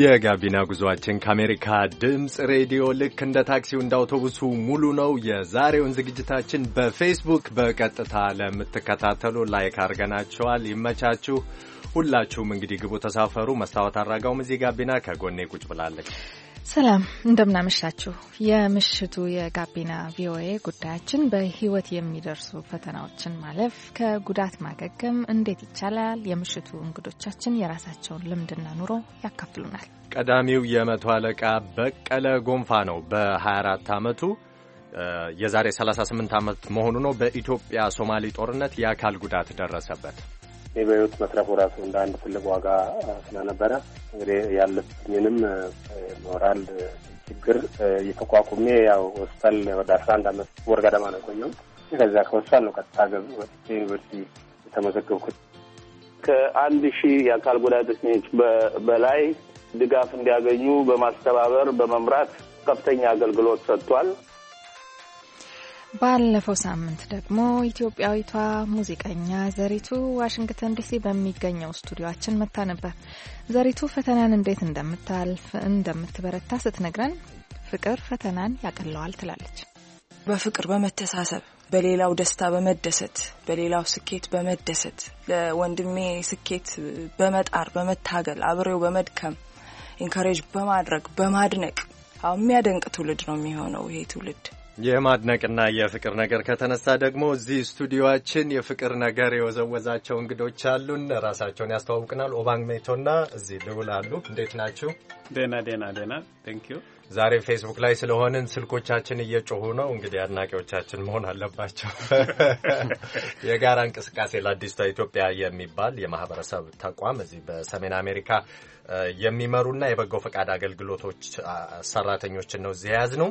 የጋቢና ጉዞአችን ከአሜሪካ ድምፅ ሬዲዮ ልክ እንደ ታክሲው እንደ አውቶቡሱ ሙሉ ነው። የዛሬውን ዝግጅታችን በፌስቡክ በቀጥታ ለምትከታተሉ ላይክ አድርገናቸዋል። ይመቻችሁ። ሁላችሁም እንግዲህ ግቡ፣ ተሳፈሩ። መስታወት አድራጋውም እዚህ ጋቢና ከጎኔ ቁጭ ብላለች። ሰላም እንደምናመሻችሁ። የምሽቱ የጋቢና ቪኦኤ ጉዳያችን በህይወት የሚደርሱ ፈተናዎችን ማለፍ፣ ከጉዳት ማገገም እንዴት ይቻላል? የምሽቱ እንግዶቻችን የራሳቸውን ልምድና ኑሮ ያካፍሉናል። ቀዳሚው የመቶ አለቃ በቀለ ጎንፋ ነው። በ24 ዓመቱ የዛሬ 38 ዓመት መሆኑ ነው። በኢትዮጵያ ሶማሌ ጦርነት የአካል ጉዳት ደረሰበት። እኔ በህይወት መትረፉ ራሱ እንደ አንድ ትልቅ ዋጋ ስለነበረ እንግዲህ ያለብኝንም ሞራል ችግር እየተቋቁሜ ያው ሆስፒታል ወደ አስራ አንድ አመት ወር ገደማ ነው የቆየሁት። ከዚያ ከሆስፒታል ነው ቀጥታ ወጥቼ ዩኒቨርሲቲ የተመዘገብኩት። ከአንድ ሺህ የአካል ጉዳተኞች በላይ ድጋፍ እንዲያገኙ በማስተባበር በመምራት ከፍተኛ አገልግሎት ሰጥቷል። ባለፈው ሳምንት ደግሞ ኢትዮጵያዊቷ ሙዚቀኛ ዘሪቱ ዋሽንግተን ዲሲ በሚገኘው ስቱዲዮችን መታ ነበር። ዘሪቱ ፈተናን እንዴት እንደምታልፍ እንደምትበረታ ስትነግረን ፍቅር ፈተናን ያቀለዋል ትላለች። በፍቅር በመተሳሰብ በሌላው ደስታ በመደሰት በሌላው ስኬት በመደሰት ለወንድሜ ስኬት በመጣር በመታገል አብሬው በመድከም ኢንካሬጅ በማድረግ በማድነቅ የሚያደንቅ ትውልድ ነው የሚሆነው ይሄ ትውልድ የማድነቅና የፍቅር ነገር ከተነሳ ደግሞ እዚህ ስቱዲዮችን የፍቅር ነገር የወዘወዛቸው እንግዶች አሉን። ራሳቸውን ያስተዋውቅናል። ኦባንግ ሜቶና እዚህ ልውል አሉ። እንዴት ናችሁ? ደና ደና ደና ቴንክዩ። ዛሬ ፌስቡክ ላይ ስለሆንን ስልኮቻችን እየጮሁ ነው። እንግዲህ አድናቂዎቻችን መሆን አለባቸው። የጋራ እንቅስቃሴ ለአዲስቷ ኢትዮጵያ የሚባል የማህበረሰብ ተቋም እዚህ በሰሜን አሜሪካ የሚመሩና የበጎ ፈቃድ አገልግሎቶች ሰራተኞችን ነው እዚህ የያዝ ነው።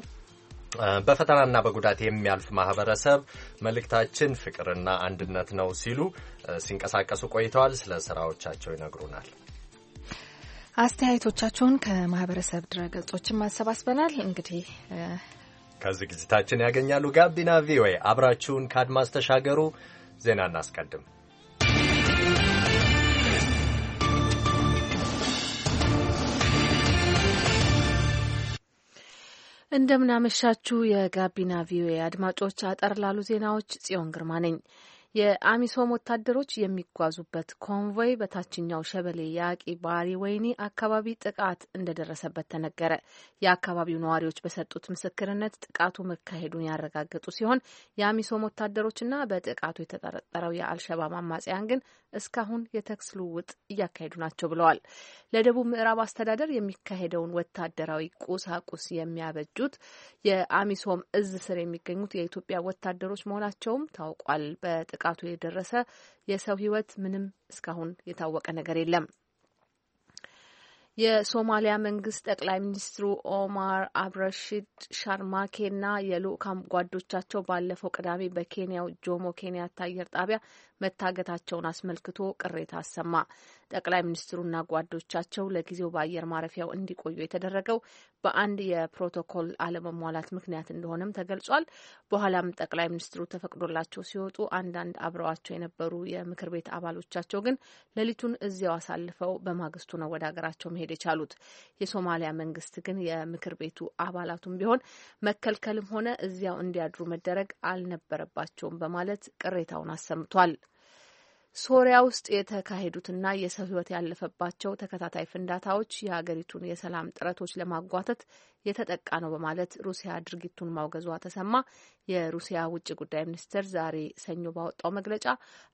በፈተናና በጉዳት የሚያልፍ ማህበረሰብ መልእክታችን ፍቅርና አንድነት ነው ሲሉ ሲንቀሳቀሱ ቆይተዋል። ስለ ስራዎቻቸው ይነግሩናል። አስተያየቶቻችሁን ከማህበረሰብ ድረገጾችን ማሰባስበናል። እንግዲህ ከዝግጅታችን ያገኛሉ። ጋቢና ቪኦኤ አብራችሁን ከአድማስ ተሻገሩ። ዜና እናስቀድም። እንደምናመሻችሁ የጋቢና ቪኦኤ አድማጮች፣ አጠር ላሉ ዜናዎች ጽዮን ግርማ ነኝ። የአሚሶም ወታደሮች የሚጓዙበት ኮንቮይ በታችኛው ሸበሌ ያቂ ባሪ ወይኒ አካባቢ ጥቃት እንደደረሰበት ተነገረ። የአካባቢው ነዋሪዎች በሰጡት ምስክርነት ጥቃቱ መካሄዱን ያረጋገጡ ሲሆን የአሚሶም ወታደሮችና በጥቃቱ የተጠረጠረው የአልሸባብ አማጽያን ግን እስካሁን የተኩስ ልውውጥ እያካሄዱ ናቸው ብለዋል። ለደቡብ ምዕራብ አስተዳደር የሚካሄደውን ወታደራዊ ቁሳቁስ የሚያበጁት የአሚሶም እዝ ስር የሚገኙት የኢትዮጵያ ወታደሮች መሆናቸውም ታውቋል። በጥቃቱ የደረሰ የሰው ሕይወት ምንም እስካሁን የታወቀ ነገር የለም። የሶማሊያ መንግስት ጠቅላይ ሚኒስትሩ ኦማር አብረሺድ ሻርማኬና የልኡካን ጓዶቻቸው ባለፈው ቅዳሜ በኬንያው ጆሞ ኬንያታ አየር ጣቢያ መታገታቸውን አስመልክቶ ቅሬታ አሰማ። ጠቅላይ ሚኒስትሩና ጓዶቻቸው ለጊዜው በአየር ማረፊያው እንዲቆዩ የተደረገው በአንድ የፕሮቶኮል አለመሟላት ምክንያት እንደሆነም ተገልጿል። በኋላም ጠቅላይ ሚኒስትሩ ተፈቅዶላቸው ሲወጡ አንዳንድ አብረዋቸው የነበሩ የምክር ቤት አባሎቻቸው ግን ሌሊቱን እዚያው አሳልፈው በማግስቱ ነው ወደ ሀገራቸው መሄድ የቻሉት። የሶማሊያ መንግስት ግን የምክር ቤቱ አባላቱም ቢሆን መከልከልም ሆነ እዚያው እንዲያድሩ መደረግ አልነበረባቸውም በማለት ቅሬታውን አሰምቷል። ሶሪያ ውስጥ የተካሄዱትና የሰው ሕይወት ያለፈባቸው ተከታታይ ፍንዳታዎች የሀገሪቱን የሰላም ጥረቶች ለማጓተት የተጠቃ ነው በማለት ሩሲያ ድርጊቱን ማውገዟ ተሰማ። የሩሲያ ውጭ ጉዳይ ሚኒስቴር ዛሬ ሰኞ ባወጣው መግለጫ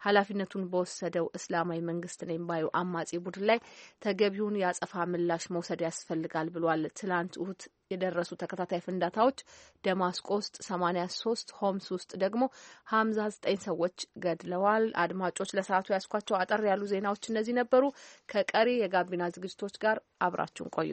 ኃላፊነቱን በወሰደው እስላማዊ መንግስት ነኝ ባዩ አማጺ ቡድን ላይ ተገቢውን የአጸፋ ምላሽ መውሰድ ያስፈልጋል ብሏል። ትላንት እሁድ የደረሱ ተከታታይ ፍንዳታዎች ደማስቆ ውስጥ ሰማኒያ ሶስት ሆምስ ውስጥ ደግሞ ሀምሳ ዘጠኝ ሰዎች ገድለዋል። አድማጮች ለሰዓቱ ያስኳቸው አጠር ያሉ ዜናዎች እነዚህ ነበሩ። ከቀሪ የጋቢና ዝግጅቶች ጋር አብራችሁን ቆዩ።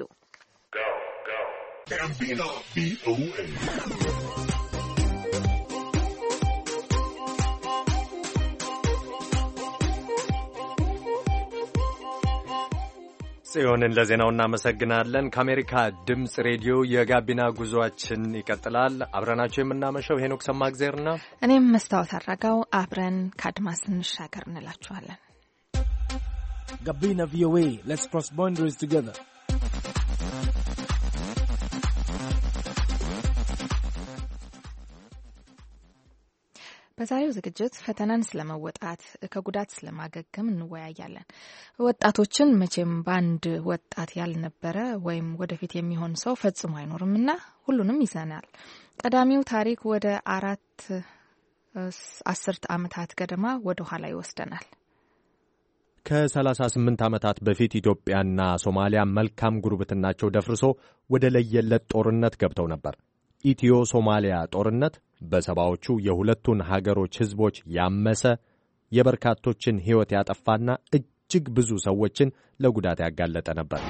ጽዮንን ለዜናው እናመሰግናለን። ከአሜሪካ ድምፅ ሬዲዮ የጋቢና ጉዞችን ይቀጥላል። አብረናቸው የምናመሸው ሄኖክ ሰማእግዜርና እኔም መስታወት አድረጋው አብረን ከአድማስ እንሻገር እንላችኋለን። ጋቢና ቪኦኤ ሌትስ ክሮስ ቦንደሪስ ቱጌዘር በዛሬው ዝግጅት ፈተናን ስለመወጣት ከጉዳት ስለማገገም እንወያያለን። ወጣቶችን መቼም በአንድ ወጣት ያልነበረ ወይም ወደፊት የሚሆን ሰው ፈጽሞ አይኖርም እና ሁሉንም ይዘናል። ቀዳሚው ታሪክ ወደ አራት አስርት ዓመታት ገደማ ወደ ኋላ ይወስደናል። ከ38 ዓመታት በፊት ኢትዮጵያና ሶማሊያ መልካም ጉርብትናቸው ደፍርሶ ወደ ለየለት ጦርነት ገብተው ነበር። ኢትዮ ሶማሊያ ጦርነት በሰባዎቹ የሁለቱን ሀገሮች ሕዝቦች ያመሰ የበርካቶችን ሕይወት ያጠፋና እጅግ ብዙ ሰዎችን ለጉዳት ያጋለጠ ነበር።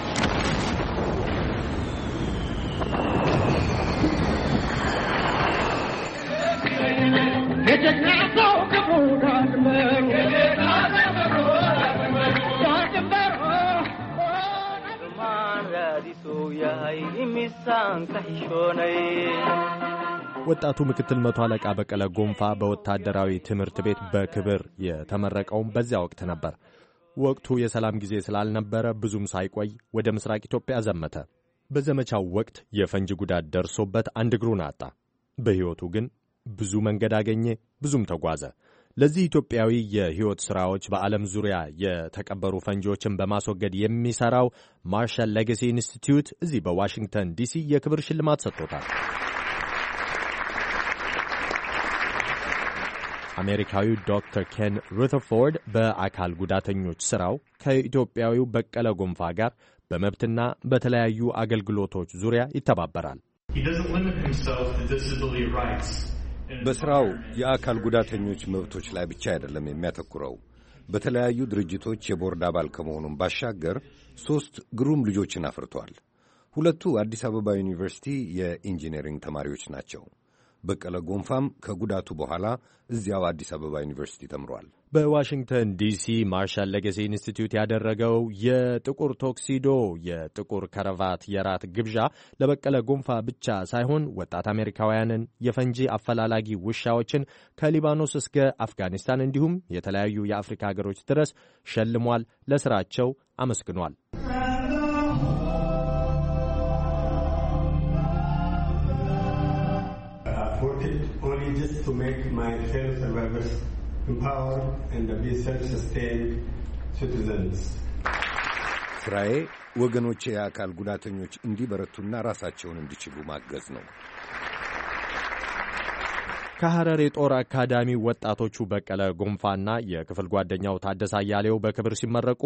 maa raadisu ወጣቱ ምክትል መቶ አለቃ በቀለ ጎንፋ በወታደራዊ ትምህርት ቤት በክብር የተመረቀውም በዚያ ወቅት ነበር። ወቅቱ የሰላም ጊዜ ስላልነበረ ብዙም ሳይቆይ ወደ ምስራቅ ኢትዮጵያ ዘመተ። በዘመቻው ወቅት የፈንጂ ጉዳት ደርሶበት አንድ እግሩን አጣ። በሕይወቱ ግን ብዙ መንገድ አገኘ፣ ብዙም ተጓዘ። ለዚህ ኢትዮጵያዊ የሕይወት ሥራዎች በዓለም ዙሪያ የተቀበሩ ፈንጂዎችን በማስወገድ የሚሠራው ማርሻል ሌጋሲ ኢንስቲትዩት እዚህ በዋሽንግተን ዲሲ የክብር ሽልማት ሰጥቶታል። አሜሪካዊው ዶክተር ኬን ሩተርፎርድ በአካል ጉዳተኞች ሥራው ከኢትዮጵያዊው በቀለ ጎንፋ ጋር በመብትና በተለያዩ አገልግሎቶች ዙሪያ ይተባበራል። በሥራው የአካል ጉዳተኞች መብቶች ላይ ብቻ አይደለም የሚያተኩረው። በተለያዩ ድርጅቶች የቦርድ አባል ከመሆኑም ባሻገር ሦስት ግሩም ልጆችን አፍርቷል። ሁለቱ አዲስ አበባ ዩኒቨርሲቲ የኢንጂነሪንግ ተማሪዎች ናቸው። በቀለ ጎንፋም ከጉዳቱ በኋላ እዚያው አዲስ አበባ ዩኒቨርሲቲ ተምሯል። በዋሽንግተን ዲሲ ማርሻል ለገሴ ኢንስቲትዩት ያደረገው የጥቁር ቶክሲዶ የጥቁር ከረቫት የራት ግብዣ ለበቀለ ጎንፋ ብቻ ሳይሆን ወጣት አሜሪካውያንን፣ የፈንጂ አፈላላጊ ውሻዎችን ከሊባኖስ እስከ አፍጋኒስታን እንዲሁም የተለያዩ የአፍሪካ ሀገሮች ድረስ ሸልሟል። ለስራቸው አመስግኗል። my self-awareness empowered and be self-sustained citizens. ስራዬ ወገኖቼ የአካል ጉዳተኞች እንዲበረቱና ራሳቸውን እንዲችሉ ማገዝ ነው። ከሐረር የጦር አካዳሚ ወጣቶቹ በቀለ ጎንፋና የክፍል ጓደኛው ታደሰ አያሌው በክብር ሲመረቁ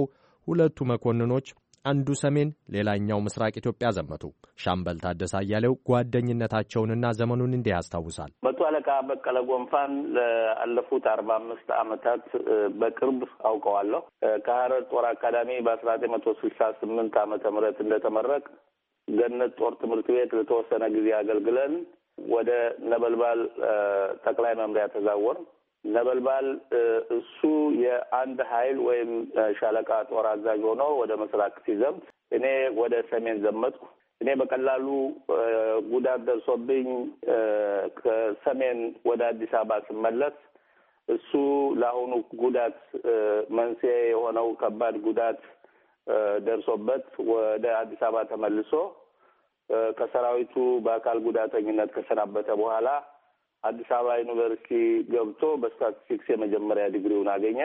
ሁለቱ መኮንኖች አንዱ ሰሜን፣ ሌላኛው ምስራቅ ኢትዮጵያ ዘመቱ። ሻምበል ታደሰ አያሌው ጓደኝነታቸውንና ዘመኑን እንዲህ ያስታውሳል። መቶ አለቃ በቀለ ጎንፋን ለአለፉት አርባ አምስት አመታት በቅርብ አውቀዋለሁ። ከሀረር ጦር አካዳሚ በአስራ ዘጠኝ መቶ ስልሳ ስምንት አመተ ምህረት እንደተመረቅ ገነት ጦር ትምህርት ቤት ለተወሰነ ጊዜ አገልግለን ወደ ነበልባል ጠቅላይ መምሪያ ተዛወር ነበልባል እሱ የአንድ ኃይል ወይም ሻለቃ ጦር አዛዥ ሆኖ ወደ ምስራቅ ሲዘምት፣ እኔ ወደ ሰሜን ዘመትኩ። እኔ በቀላሉ ጉዳት ደርሶብኝ ከሰሜን ወደ አዲስ አበባ ስመለስ እሱ ለአሁኑ ጉዳት መንስኤ የሆነው ከባድ ጉዳት ደርሶበት ወደ አዲስ አበባ ተመልሶ ከሰራዊቱ በአካል ጉዳተኝነት ከሰናበተ በኋላ አዲስ አበባ ዩኒቨርሲቲ ገብቶ በስታቲስቲክስ የመጀመሪያ ዲግሪውን አገኘ።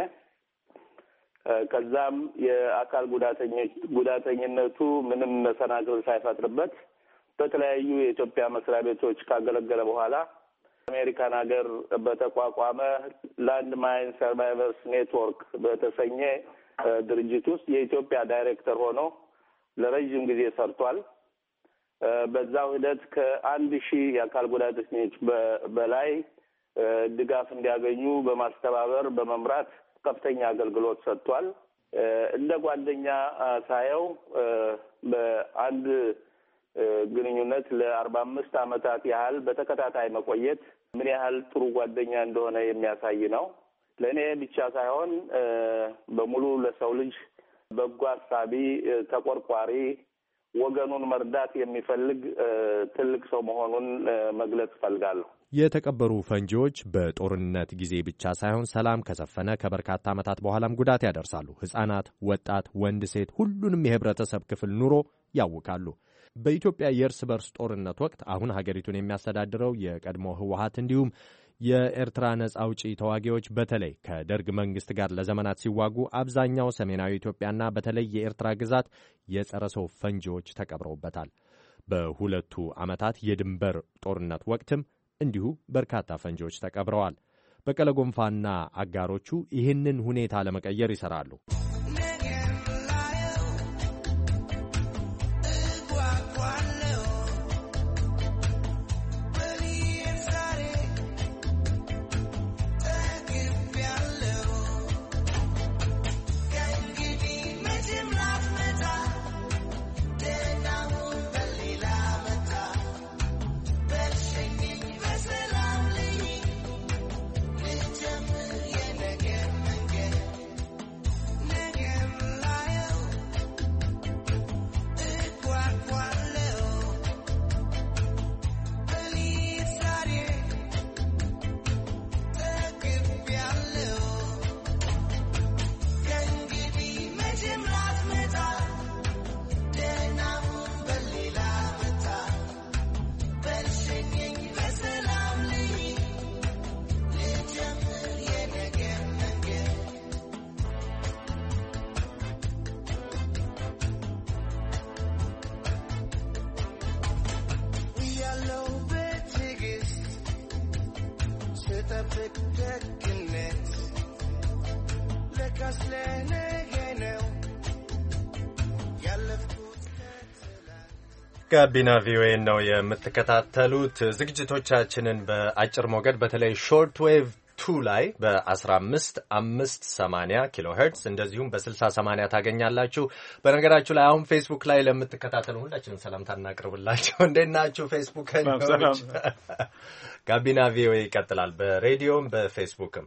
ከዛም የአካል ጉዳተኞች ጉዳተኝነቱ ምንም መሰናክል ሳይፈጥርበት በተለያዩ የኢትዮጵያ መስሪያ ቤቶች ካገለገለ በኋላ አሜሪካን ሀገር በተቋቋመ ላንድ ማይን ሰርቫይቨርስ ኔትወርክ በተሰኘ ድርጅት ውስጥ የኢትዮጵያ ዳይሬክተር ሆኖ ለረዥም ጊዜ ሰርቷል። በዛው ሂደት ከአንድ ሺህ የአካል ጉዳተኞች በላይ ድጋፍ እንዲያገኙ በማስተባበር በመምራት ከፍተኛ አገልግሎት ሰጥቷል። እንደ ጓደኛ ሳየው በአንድ ግንኙነት ለአርባ አምስት ዓመታት ያህል በተከታታይ መቆየት ምን ያህል ጥሩ ጓደኛ እንደሆነ የሚያሳይ ነው። ለእኔ ብቻ ሳይሆን በሙሉ ለሰው ልጅ በጎ አሳቢ፣ ተቆርቋሪ ወገኑን መርዳት የሚፈልግ ትልቅ ሰው መሆኑን መግለጽ እፈልጋለሁ። የተቀበሩ ፈንጂዎች በጦርነት ጊዜ ብቻ ሳይሆን ሰላም ከሰፈነ ከበርካታ ዓመታት በኋላም ጉዳት ያደርሳሉ። ሕፃናት፣ ወጣት፣ ወንድ፣ ሴት ሁሉንም የህብረተሰብ ክፍል ኑሮ ያውካሉ። በኢትዮጵያ የእርስ በርስ ጦርነት ወቅት አሁን ሀገሪቱን የሚያስተዳድረው የቀድሞ ህወሀት እንዲሁም የኤርትራ ነጻ አውጪ ተዋጊዎች በተለይ ከደርግ መንግስት ጋር ለዘመናት ሲዋጉ አብዛኛው ሰሜናዊ ኢትዮጵያና በተለይ የኤርትራ ግዛት የጸረ ሰው ፈንጂዎች ተቀብረውበታል። በሁለቱ ዓመታት የድንበር ጦርነት ወቅትም እንዲሁ በርካታ ፈንጂዎች ተቀብረዋል። በቀለ ጎንፋና አጋሮቹ ይህንን ሁኔታ ለመቀየር ይሰራሉ። ስጠብቅ ደግነት ለካስ ለነገ ነው ያለፍኩ ጋቢና ቪኦኤ ነው የምትከታተሉት። ዝግጅቶቻችንን በአጭር ሞገድ በተለይ ሾርት ዌቭ ቱ ላይ በ15580 ኪሎ ሄርትስ እንደዚሁም በ6080 ታገኛላችሁ። በነገራችሁ ላይ አሁን ፌስቡክ ላይ ለምትከታተሉ ሁላችንም ሰላምታ እናቅርብላቸው። እንዴት ናችሁ? ፌስቡክ ጋቢና ቪኦኤ ይቀጥላል። በሬዲዮም በፌስቡክም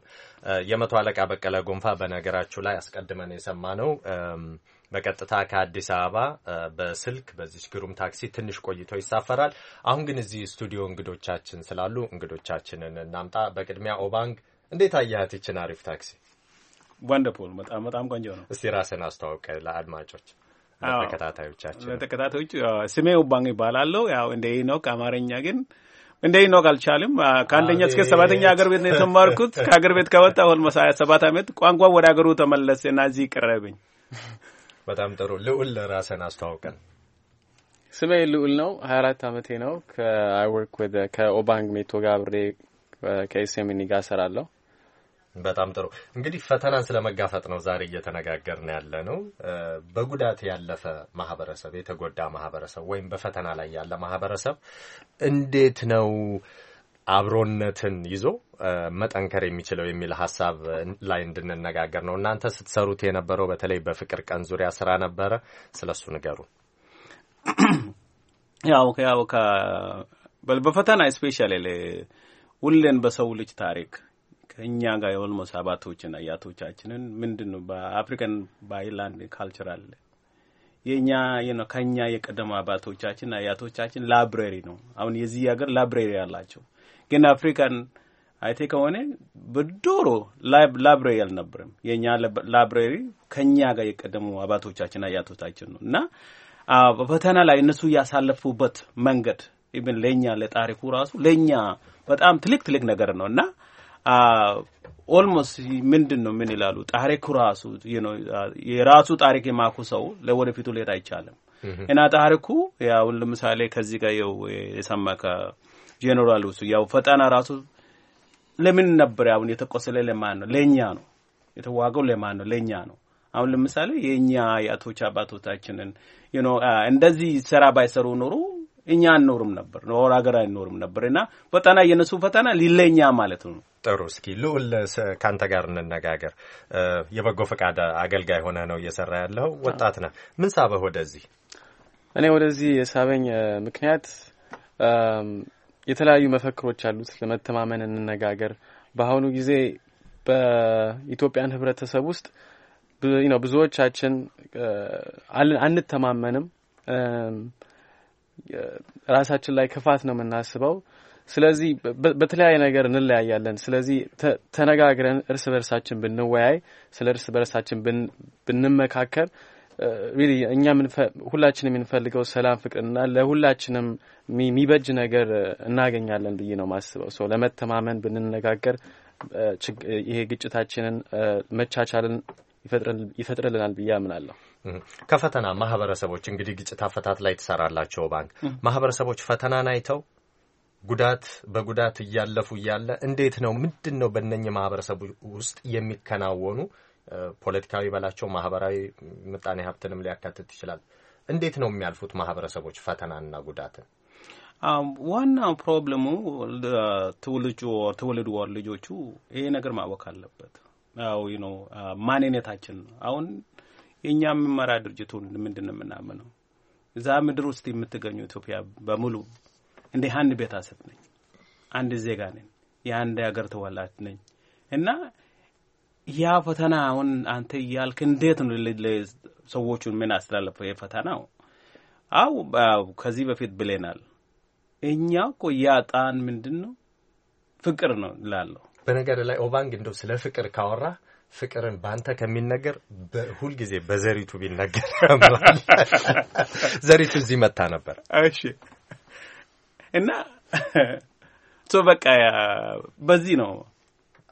የመቶ አለቃ በቀለ ጎንፋ በነገራችሁ ላይ አስቀድመን የሰማ ነው በቀጥታ ከአዲስ አበባ በስልክ በዚች ግሩም ታክሲ ትንሽ ቆይቶ ይሳፈራል። አሁን ግን እዚህ ስቱዲዮ እንግዶቻችን ስላሉ እንግዶቻችንን እናምጣ። በቅድሚያ ኦባንግ፣ እንዴት አየሃት ይችን አሪፍ ታክሲ? ወንደርፉል። በጣም በጣም ቆንጆ ነው። እስቲ ራስን አስተዋውቀ ለአድማጮች ለተከታታዮቻችን ለተከታታዮቹ ስሜ ኦባንግ ይባላለሁ። ያው እንደ ኢኖክ አማርኛ ግን እንደ ኢኖክ አልቻልም። ከአንደኛ እስከ ሰባተኛ አገር ቤት ነው የተማርኩት። ከአገር ቤት ከወጣ ሁል መሳያ ሰባት አመት ቋንቋ ወደ አገሩ ተመለሰ እና እዚህ ቀረብኝ። በጣም ጥሩ ልዑል፣ ራስን አስተዋውቀን። ስሜ ልዑል ነው። ሀያ አራት አመቴ ነው። ወደ ከኦባንግ ሜቶ ጋር አብሬ ከኤስሚኒ ጋር ሰራለሁ በጣም ጥሩ እንግዲህ ፈተናን ስለመጋፈጥ ነው ዛሬ እየተነጋገርን ያለ ነው። በጉዳት ያለፈ ማህበረሰብ፣ የተጎዳ ማህበረሰብ ወይም በፈተና ላይ ያለ ማህበረሰብ እንዴት ነው አብሮነትን ይዞ መጠንከር የሚችለው የሚል ሀሳብ ላይ እንድንነጋገር ነው። እናንተ ስትሰሩት የነበረው በተለይ በፍቅር ቀን ዙሪያ ስራ ነበረ። ስለ እሱ ንገሩ። ያው ያው በፈተና ስፔሻሊ ሁሌን በሰው ልጅ ታሪክ ከእኛ ጋር የኦልሞስ አባቶችና አያቶቻችንን ምንድን ነው በአፍሪካን በአይላንድ ካልቸራል የእኛ የኛ ከኛ የቀደሙ አባቶቻችን አያቶቻችን ላይብረሪ ነው። አሁን የዚህ ሀገር ላይብረሪ ያላቸው ግን አፍሪካን አይቴ ከሆነ በዶሮ ላይብረሪ አልነበረም። የእኛ ላይብረሪ ከኛ ጋር የቀደሙ አባቶቻችን አያቶቻችን ነው እና በፈተና ላይ እነሱ እያሳለፉበት መንገድ ኢብን ለእኛ ለታሪኩ ራሱ ለእኛ በጣም ትልቅ ትልቅ ነገር ነው እና ኦልሞስት ምንድን ነው ምን ይላሉ ታሪኩ ራሱ የራሱ ታሪክ የማኩ ሰው ለወደፊቱ ሌት አይቻልም እና ታሪኩ ያው ለምሳሌ ከዚህ ጋር የው የሰማ ከጄኔራል ውሱ ያው ፈጠና ራሱ ለምን ነበር አሁን የተቆሰለ ለማን ነው ለእኛ ነው የተዋገው ለማን ነው ለእኛ ነው አሁን ለምሳሌ የእኛ የአቶች አባቶታችንን እንደዚህ ስራ ባይሰሩ ኖሮ እኛ አንኖርም ነበር ኖር ሀገር አይኖርም ነበር እና ፈተና የነሱ ፈተና ሊለኛ ማለት ነው። ጥሩ እስኪ ልዑል ከአንተ ጋር እንነጋገር። የበጎ ፈቃድ አገልጋይ ሆነ ነው እየሰራ ያለው ወጣት ነ ምን ሳበህ ወደዚህ? እኔ ወደዚህ የሳበኝ ምክንያት የተለያዩ መፈክሮች አሉት። ለመተማመን እንነጋገር በአሁኑ ጊዜ በኢትዮጵያን ህብረተሰብ ውስጥ ብዙዎቻችን አንተማመንም ራሳችን ላይ ክፋት ነው የምናስበው። ስለዚህ በተለያየ ነገር እንለያያለን። ስለዚህ ተነጋግረን እርስ በርሳችን ብንወያይ፣ ስለ እርስ በርሳችን ብንመካከር እኛ ሁላችን የምንፈልገው ሰላም፣ ፍቅርና ለሁላችንም የሚበጅ ነገር እናገኛለን ብዬ ነው ማስበው። ሰው ለመተማመን ብንነጋገር ይሄ ግጭታችንን መቻቻልን ይፈጥርልናል ብዬ አምናለሁ። ከፈተና ማህበረሰቦች እንግዲህ ግጭት አፈታት ላይ ትሰራላቸው ባንክ ማህበረሰቦች ፈተናን አይተው ጉዳት በጉዳት እያለፉ እያለ እንዴት ነው ምንድን ነው በእነኝህ ማህበረሰቡ ውስጥ የሚከናወኑ ፖለቲካዊ በላቸው ማህበራዊ ምጣኔ ሀብትንም ሊያካትት ይችላል። እንዴት ነው የሚያልፉት ማህበረሰቦች ፈተናና ጉዳትን? ዋናው ፕሮብለሙ ትውልጁ ትውልድ ወር ልጆቹ ይሄ ነገር ማወቅ አለበት። ያው ነው ማንነታችን ነው አሁን የእኛ የምመራ ድርጅቱን ምንድን ነው የምናምነው? እዛ ምድር ውስጥ የምትገኙ ኢትዮጵያ በሙሉ እንደ አንድ ቤተሰብ ነኝ፣ አንድ ዜጋ ነኝ፣ የአንድ ሀገር ተወላጅ ነኝ እና ያ ፈተና አሁን አንተ እያልክ እንዴት ነው ሰዎቹን ምን አስተላለፈው? ይህ ፈተናው አው ከዚህ በፊት ብሌናል። እኛ እኮ ያጣን ምንድን ነው ፍቅር ነው ላለው በነገር ላይ ኦባንግ እንደው ስለ ፍቅር ካወራ ፍቅርን በአንተ ከሚነገር ሁልጊዜ በዘሪቱ ቢነገር ዘሪቱ እዚህ መታ ነበር። እሺ እና ቶ በቃ በዚህ ነው።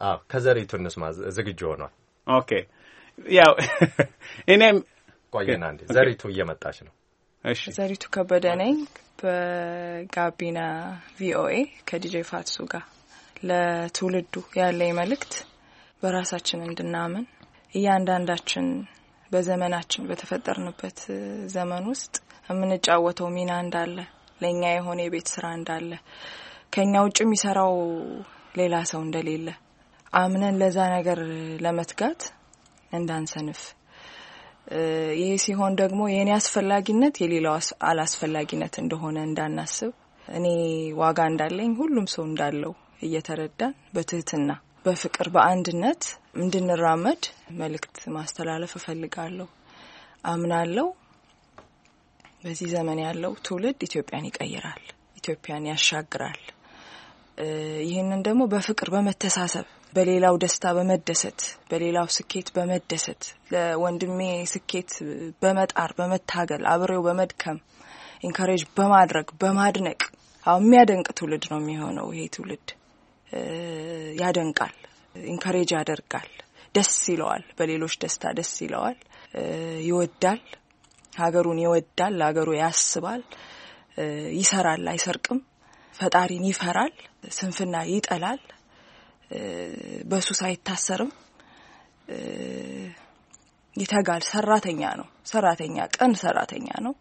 አዎ ከዘሪቱ እንስማ፣ ዝግጁ ሆኗል። ኦኬ ያው እኔም ቆየና እንዴ ዘሪቱ እየመጣች ነው። እሺ ዘሪቱ ከበደ ነኝ በጋቢና ቪኦኤ ከዲጄ ፋትሱ ጋር ለትውልዱ ያለኝ መልእክት በራሳችን እንድናምን እያንዳንዳችን በዘመናችን በተፈጠርንበት ዘመን ውስጥ የምንጫወተው ሚና እንዳለ ለእኛ የሆነ የቤት ስራ እንዳለ ከእኛ ውጭ የሚሰራው ሌላ ሰው እንደሌለ አምነን ለዛ ነገር ለመትጋት እንዳንሰንፍ። ይህ ሲሆን ደግሞ የእኔ አስፈላጊነት የሌላው አላስፈላጊነት እንደሆነ እንዳናስብ፣ እኔ ዋጋ እንዳለኝ ሁሉም ሰው እንዳለው እየተረዳን በትህትና በፍቅር በአንድነት እንድንራመድ መልእክት ማስተላለፍ እፈልጋለሁ። አምናለሁ በዚህ ዘመን ያለው ትውልድ ኢትዮጵያን ይቀይራል፣ ኢትዮጵያን ያሻግራል። ይህንን ደግሞ በፍቅር በመተሳሰብ በሌላው ደስታ በመደሰት በሌላው ስኬት በመደሰት ለወንድሜ ስኬት በመጣር በመታገል አብሬው በመድከም ኢንካሬጅ በማድረግ በማድነቅ የሚያደንቅ ትውልድ ነው የሚሆነው ይሄ ትውልድ። ያደንቃል፣ ኢንካሬጅ ያደርጋል፣ ደስ ይለዋል፣ በሌሎች ደስታ ደስ ይለዋል፣ ይወዳል፣ ሀገሩን ይወዳል፣ ለሀገሩ ያስባል፣ ይሰራል፣ አይሰርቅም፣ ፈጣሪን ይፈራል፣ ስንፍና ይጠላል፣ በሱስ አይታሰርም፣ ይተጋል፣ ሰራተኛ ነው፣ ሰራተኛ ቀን ሰራተኛ ነው።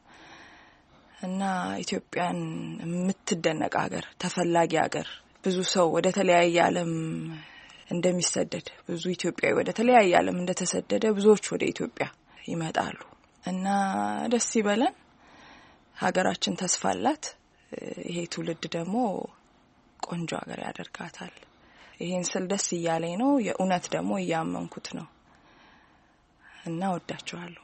እና ኢትዮጵያን የምትደነቅ ሀገር ተፈላጊ ሀገር ብዙ ሰው ወደ ተለያየ ዓለም እንደሚሰደድ ብዙ ኢትዮጵያዊ ወደ ተለያየ ዓለም እንደተሰደደ ብዙዎች ወደ ኢትዮጵያ ይመጣሉ እና ደስ ይበለን። ሀገራችን ተስፋ አላት። ይሄ ትውልድ ደግሞ ቆንጆ ሀገር ያደርጋታል። ይሄን ስል ደስ እያለኝ ነው። የእውነት ደግሞ እያመንኩት ነው እና ወዳችኋለሁ።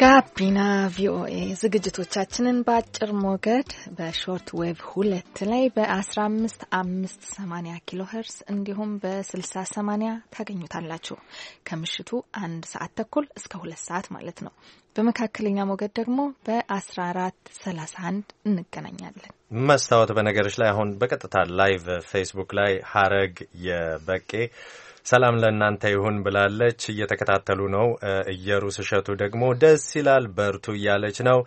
ጋቢና ቪኦኤ ዝግጅቶቻችንን በአጭር ሞገድ በሾርት ዌቭ ሁለት ላይ በ15580 ኪሎ ሄርስ እንዲሁም በ6080 ታገኙታላችሁ። ከምሽቱ አንድ ሰዓት ተኩል እስከ ሁለት ሰዓት ማለት ነው። በመካከለኛ ሞገድ ደግሞ በ1431 እንገናኛለን። መስታወት በነገሮች ላይ አሁን በቀጥታ ላይቭ ፌስቡክ ላይ ሀረግ የበቄ ሰላም ለእናንተ ይሁን ብላለች። እየተከታተሉ ነው። እየሩስ እሸቱ ደግሞ ደስ ይላል በርቱ እያለች ነው።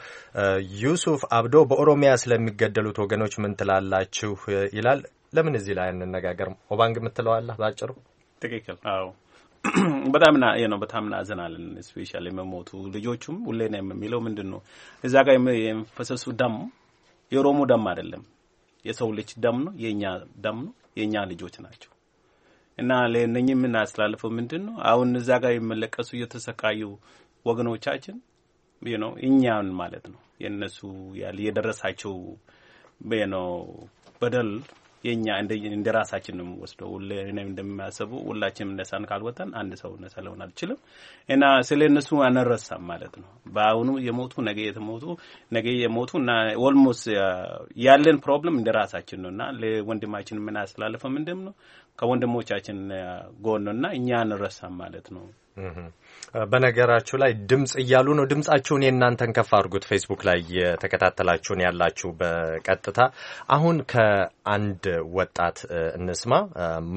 ዩሱፍ አብዶ በኦሮሚያ ስለሚገደሉት ወገኖች ምን ትላላችሁ ይላል። ለምን እዚህ ላይ አንነጋገርም? ኦባንግ የምትለዋለህ በአጭሩ ትክክል? አዎ በጣም ና ነው በጣም እናዘናለን። ስፔሻል የመሞቱ ልጆቹም ሁሌ ነው የሚለው ምንድን ነው እዛ ጋ የሚፈሰሱ ደም የኦሮሞ ደም አይደለም፣ የሰው ልጅ ደም ነው፣ የእኛ ደም ነው፣ የእኛ ልጆች ናቸው። እና ለእነኝህ የምናስተላልፈው ምንድን ነው? አሁን እዛ ጋር የመለቀሱ እየተሰቃዩ ወገኖቻችን ነው እኛን ማለት ነው የእነሱ የደረሳቸው ነው በደል የእኛ እንደ ራሳችን ነው የምወስደው። እኔም እንደሚያስቡ ሁላችንም ነሳን ካልወጣን አንድ ሰው ነሳ ሊሆን አልችልም እና ስለ እነሱ አንረሳም ማለት ነው። በአሁኑ የሞቱ ነገ የተሞቱ ነገ የሞቱ እና ኦልሞስት ያለን ፕሮብለም እንደ ራሳችን ነው እና ለወንድማችን የምናስተላልፈው ምንድም ነው ከወንድሞቻችን ጎንና እኛ አንረሳም ማለት ነው። በነገራችሁ ላይ ድምፅ እያሉ ነው። ድምፃችሁን የእናንተን ከፍ አድርጉት። ፌስቡክ ላይ የተከታተላችሁን ያላችሁ በቀጥታ አሁን ከአንድ ወጣት እንስማ።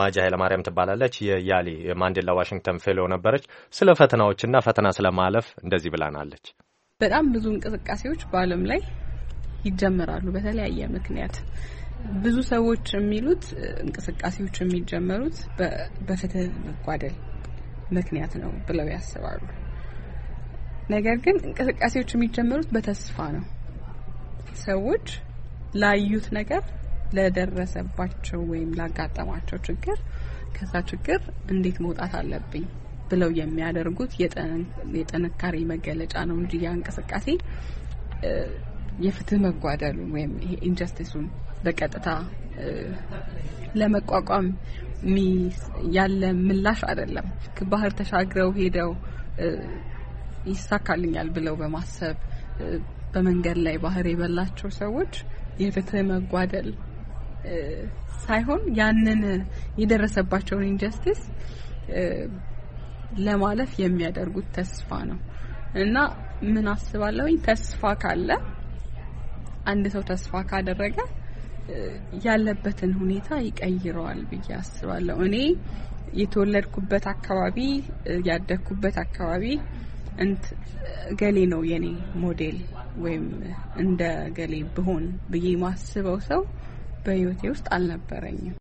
ማጃ ኃይለማርያም ትባላለች። የያሌ ማንዴላ ዋሽንግተን ፌሎ ነበረች። ስለ ፈተናዎችና ፈተና ስለማለፍ እንደዚህ ብላናለች። በጣም ብዙ እንቅስቃሴዎች በዓለም ላይ ይጀምራሉ በተለያየ ምክንያት ብዙ ሰዎች የሚሉት እንቅስቃሴዎች የሚጀመሩት በፍትህ መጓደል ምክንያት ነው ብለው ያስባሉ። ነገር ግን እንቅስቃሴዎች የሚጀመሩት በተስፋ ነው። ሰዎች ላዩት ነገር፣ ለደረሰባቸው ወይም ላጋጠማቸው ችግር ከዛ ችግር እንዴት መውጣት አለብኝ ብለው የሚያደርጉት የጥንካሬ መገለጫ ነው እንጂ ያ እንቅስቃሴ የፍትህ መጓደሉን ወይም ይሄ ኢንጀስቲሱን በቀጥታ ለመቋቋም ያለ ምላሽ አይደለም። ባህር ተሻግረው ሄደው ይሳካልኛል ብለው በማሰብ በመንገድ ላይ ባህር የበላቸው ሰዎች የፍትህ መጓደል ሳይሆን ያንን የደረሰባቸውን ኢንጀስቲስ ለማለፍ የሚያደርጉት ተስፋ ነው እና ምን አስባለሁኝ ተስፋ ካለ አንድ ሰው ተስፋ ካደረገ ያለበትን ሁኔታ ይቀይረዋል ብዬ አስባለሁ። እኔ የተወለድኩበት አካባቢ፣ ያደግኩበት አካባቢ ገሌ ነው የኔ ሞዴል ወይም እንደ ገሌ ብሆን ብዬ ማስበው ሰው በህይወቴ ውስጥ አልነበረኝም።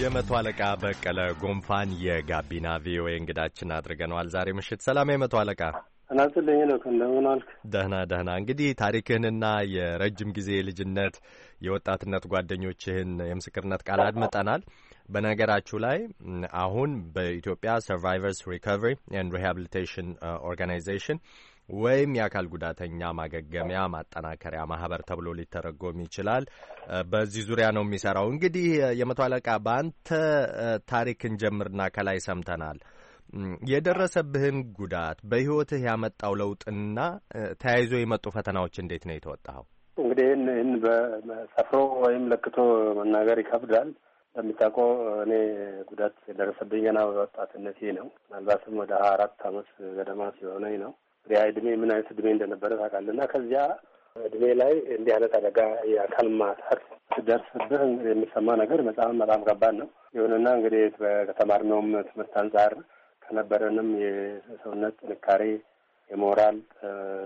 የመቶ አለቃ በቀለ ጎንፋን የጋቢና ቪኦኤ እንግዳችን አድርገነዋል ዛሬ ምሽት። ሰላም የመቶ አለቃ። እናትልኝ ነው እንደምን አልክ? ደህና ደህና። እንግዲህ ታሪክህንና የረጅም ጊዜ የልጅነት የወጣትነት ጓደኞችህን የምስክርነት ቃል አድምጠናል። በነገራችሁ ላይ አሁን በኢትዮጵያ ሰርቫይቨርስ ሪኮቨሪ ኤንድ ሪሃብሊቴሽን ኦርጋናይዜሽን ወይም የአካል ጉዳተኛ ማገገሚያ ማጠናከሪያ ማህበር ተብሎ ሊተረጎም ይችላል። በዚህ ዙሪያ ነው የሚሰራው። እንግዲህ የመቶ አለቃ በአንተ ታሪክ እንጀምርና ከላይ ሰምተናል የደረሰብህን ጉዳት በህይወትህ ያመጣው ለውጥና ተያይዞ የመጡ ፈተናዎች እንዴት ነው የተወጣኸው? እንግዲህ ይህን ይህን ወይም ለክቶ መናገር ይከብዳል። እንደሚታውቀው እኔ ጉዳት የደረሰብኝ ገና በወጣትነቴ ነው። ምናልባትም ወደ ሀያ አራት አመት ገደማ ሲሆነኝ ነው። ያ እድሜ ምን አይነት እድሜ እንደነበረ ታውቃለህ። እና ከዚያ እድሜ ላይ እንዲህ አይነት አደጋ የአካል ማጣት ደርስብህ የሚሰማ ነገር በጣም በጣም ከባድ ነው። ይሁንና እንግዲህ ከተማርነውም ትምህርት አንጻር ከነበረንም የሰውነት ጥንካሬ የሞራል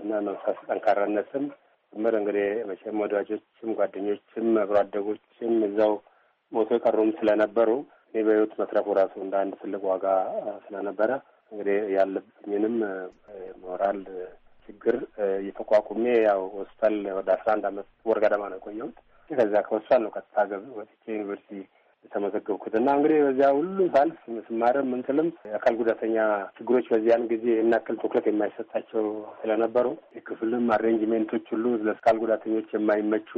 እና መንፈስ ጠንካራነትም ጭምር እንግዲህ መቼም ወዳጆችም ጓደኞችም አብሮ አደጎችም እዛው ሞቶ የቀሩም ስለነበሩ እኔ በህይወት መትረፉ ራሱ እንደ አንድ ትልቅ ዋጋ ስለነበረ እንግዲህ ያለብኝንም ሞራል ችግር እየተቋቁሜ ያው ሆስፒታል ወደ አስራ አንድ አመት ወር ገደማ ነው የቆየሁት። ከዚያ ከሆስፒታል ነው ቀጥታ ገብ ወጥቼ ዩኒቨርሲቲ የተመዘገብኩት እና እንግዲህ በዚያ ሁሉ ሳልፍ ስማርም ምንትልም የአካል ጉዳተኛ ችግሮች በዚያን ጊዜ እናክል ትኩረት የማይሰጣቸው ስለነበሩ የክፍልም አሬንጅሜንቶች ሁሉ ለአካል ጉዳተኞች የማይመቹ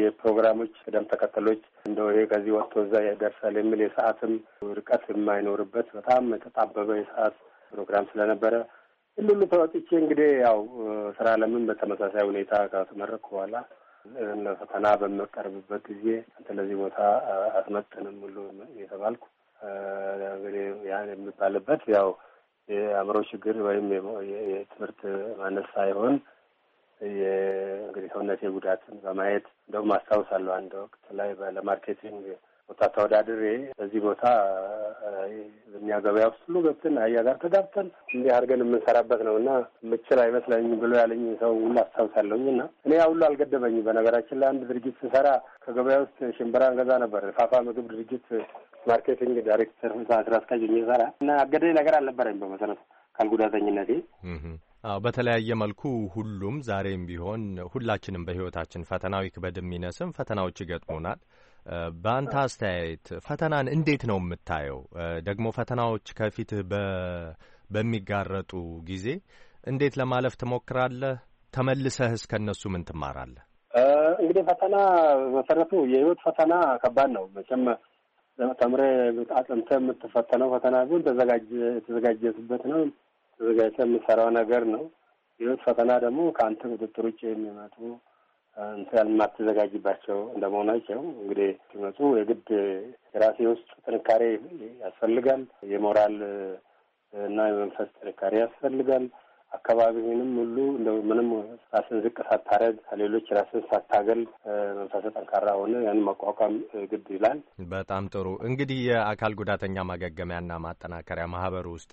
የፕሮግራሞች ቅደም ተከተሎች እንደው ይሄ ከዚህ ወጥቶ እዛ ይደርሳል የሚል የሰዓትም ርቀት የማይኖርበት በጣም የተጣበበ የሰዓት ፕሮግራም ስለነበረ ሁሉ ተወጥቼ እንግዲህ ያው ስራ ለምን በተመሳሳይ ሁኔታ ከተመረቅኩ በኋላ ፈተና በምቀርብበት ጊዜ አንተ ለዚህ ቦታ አትመጥንም ሁሉ የተባልኩ የሚባልበት ያው የአእምሮ ችግር ወይም የትምህርት ማነስ ሳይሆን እንግዲህ ሰውነቴ ጉዳትን በማየት እንደውም አስታውሳለሁ አንድ ወቅት ላይ ለማርኬቲንግ ቦታ ተወዳድሬ በዚህ ቦታ እኛ ገበያ ውስጥ ሁሉ ገብትን አያ ጋር ተጋብተን እንዲህ አድርገን የምንሰራበት ነው እና የምችል አይመስለኝም ብሎ ያለኝ ሰው ሁሉ አስታውሳለሁኝ። እና እኔ ያ ሁሉ አልገደበኝም። በነገራችን ላይ አንድ ድርጅት ስሰራ ከገበያ ውስጥ ሽምብራ እንገዛ ነበር። ፋፋ ምግብ ድርጅት ማርኬቲንግ ዳይሬክተር ስራ አስኪያጅ ሰራ እና አገደኝ ነገር አልነበረኝ በመሰረቱ ካልጉዳተኝነቴ በተለያየ መልኩ ሁሉም ዛሬም ቢሆን ሁላችንም በህይወታችን ፈተናው ይክበድም የሚነስም ፈተናዎች ይገጥሙናል። በአንተ አስተያየት ፈተናን እንዴት ነው የምታየው? ደግሞ ፈተናዎች ከፊትህ በሚጋረጡ ጊዜ እንዴት ለማለፍ ትሞክራለህ? ተመልሰህ እስከ እነሱ ምን ትማራለህ? እንግዲህ ፈተና መሰረቱ የህይወት ፈተና ከባድ ነው መቼም ተምሬ አጥንተህ የምትፈተነው ፈተና ቢሆን ተዘጋጀትበት ነው ተዘጋጅተ የምሰራው ነገር ነው። ህይወት ፈተና ደግሞ ከአንተ ቁጥጥር ውጭ የሚመጡ እንትን የማትዘጋጅባቸው እንደመሆናቸው እንግዲህ ሲመጡ የግድ የራሴ ውስጥ ጥንካሬ ያስፈልጋል። የሞራል እና የመንፈስ ጥንካሬ ያስፈልጋል። አካባቢውንም ሁሉ እንደ ምንም ራስን ዝቅ ሳታረግ ከሌሎች ራስን ሳታገል መንፈሰ ጠንካራ ሆነ ያን መቋቋም ግድ ይላል። በጣም ጥሩ እንግዲህ የአካል ጉዳተኛ ማገገሚያና ማጠናከሪያ ማህበር ውስጤ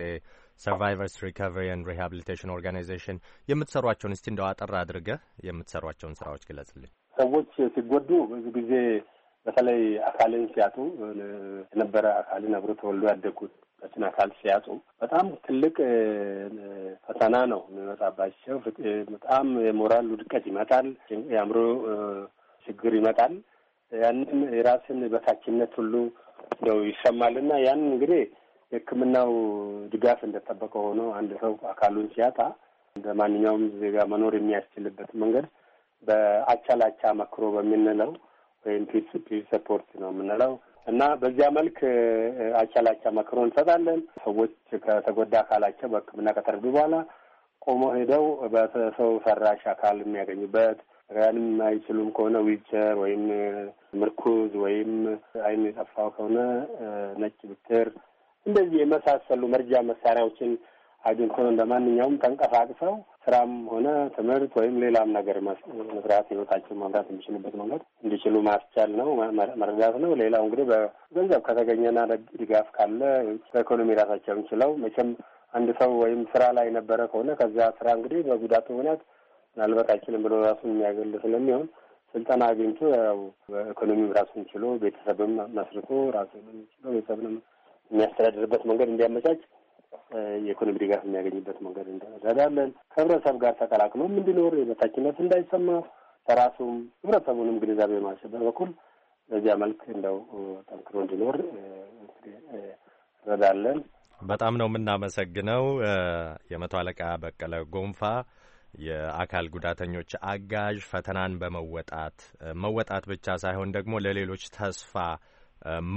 ሰርቫይቨርስ ሪካቨሪ ን ሪሃብሊቴሽን ኦርጋናይዜሽን የምትሰሯቸውን እስቲ እንደው አጠር አድርገህ የምትሰሯቸውን ስራዎች ግለጽልኝ። ሰዎች ሲጎዱ ብዙ ጊዜ በተለይ አካልን ሲያጡ የነበረ አካልን አብሮ ተወልዶ ያደጉት በትን አካል ሲያጡ በጣም ትልቅ ፈተና ነው የሚመጣባቸው። በጣም የሞራል ውድቀት ይመጣል፣ የአእምሮ ችግር ይመጣል። ያንን የራስን በታችነት ሁሉ ነው ይሰማልና ያን እንግዲህ የሕክምናው ድጋፍ እንደጠበቀ ሆኖ አንድ ሰው አካሉን ሲያጣ እንደ ማንኛውም ዜጋ መኖር የሚያስችልበት መንገድ በአቻላቻ መክሮ በምንለው ወይም ፒር ሰፖርት ነው የምንለው እና በዚያ መልክ አቻ መክሮ እንሰጣለን። ሰዎች ከተጎዳ አካላቸው በሕክምና ከተረዱ በኋላ ቆሞ ሄደው በሰው ሰራሽ አካል የሚያገኙበት ያንም አይችሉም ከሆነ ዊልቸር ወይም ምርኩዝ ወይም አይን የጠፋው ከሆነ ነጭ ብትር እንደዚህ የመሳሰሉ መርጃ መሳሪያዎችን አግኝተው እንደ ማንኛውም ተንቀሳቅሰው ስራም ሆነ ትምህርት ወይም ሌላም ነገር መስራት ህይወታቸውን መምራት የሚችሉበት መንገድ እንዲችሉ ማስቻል ነው፣ መረዳት ነው። ሌላው እንግዲህ በገንዘብ ከተገኘና ድጋፍ ካለ በኢኮኖሚ ራሳቸውን ችለው መቼም አንድ ሰው ወይም ስራ ላይ የነበረ ከሆነ ከዚያ ስራ እንግዲህ በጉዳቱ ምክንያት ምናልባት አይችልም ብሎ ራሱን የሚያገል ስለሚሆን ስልጠና አግኝቶ ያው በኢኮኖሚም ራሱን ችሎ ቤተሰብም መስርቶ ራሱን ችሎ ቤተሰብንም የሚያስተዳድርበት መንገድ እንዲያመቻች የኢኮኖሚ ድጋፍ የሚያገኝበት መንገድ እንረዳለን። ከህብረተሰብ ጋር ተቀላቅሎ እንዲኖር የበታችነት እንዳይሰማ በራሱም ህብረተሰቡንም ግንዛቤ ማስበር በኩል በዚያ መልክ እንደው ጠንክሮ እንዲኖር እንረዳለን። በጣም ነው የምናመሰግነው የመቶ አለቃ በቀለ ጎንፋ የአካል ጉዳተኞች አጋዥ ፈተናን በመወጣት መወጣት ብቻ ሳይሆን ደግሞ ለሌሎች ተስፋ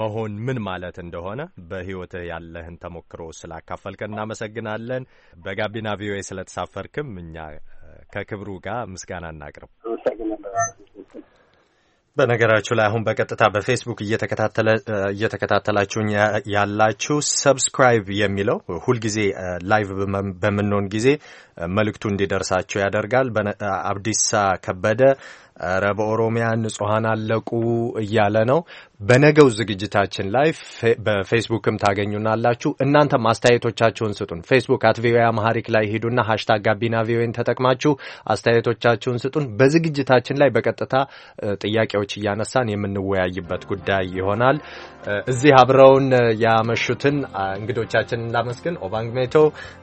መሆን ምን ማለት እንደሆነ በህይወትህ ያለህን ተሞክሮ ስላካፈልከን እናመሰግናለን። በጋቢና ቪኦኤ ስለተሳፈርክም እኛ ከክብሩ ጋር ምስጋና እናቅርብ። በነገራችሁ ላይ አሁን በቀጥታ በፌስቡክ እየተከታተላችሁኝ ያላችሁ ሰብስክራይብ የሚለው ሁልጊዜ ላይቭ በምንሆን ጊዜ መልእክቱ እንዲደርሳቸው ያደርጋል። አብዲሳ ከበደ ኧረ በኦሮሚያ ንጹሐን አለቁ እያለ ነው። በነገው ዝግጅታችን ላይ በፌስቡክም ታገኙናላችሁ። እናንተም አስተያየቶቻችሁን ስጡን። ፌስቡክ አት ቪኦኤ አማሃሪክ ላይ ሂዱና ሀሽታግ ጋቢና ቪኦኤን ተጠቅማችሁ አስተያየቶቻችሁን ስጡን። በዝግጅታችን ላይ በቀጥታ ጥያቄዎች እያነሳን የምንወያይበት ጉዳይ ይሆናል። እዚህ አብረውን ያመሹትን እንግዶቻችን እናመስግን። ኦባንግ ሜቶ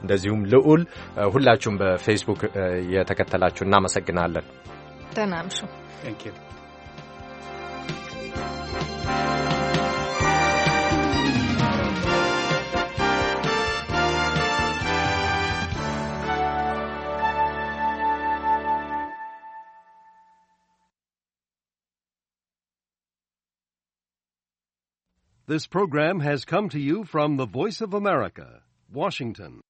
እንደዚሁም ልዑል፣ ሁላችሁም በፌስቡክ የተከተላችሁ እናመሰግናለን። Dan Thank you. This program has come to you from the Voice of America, Washington.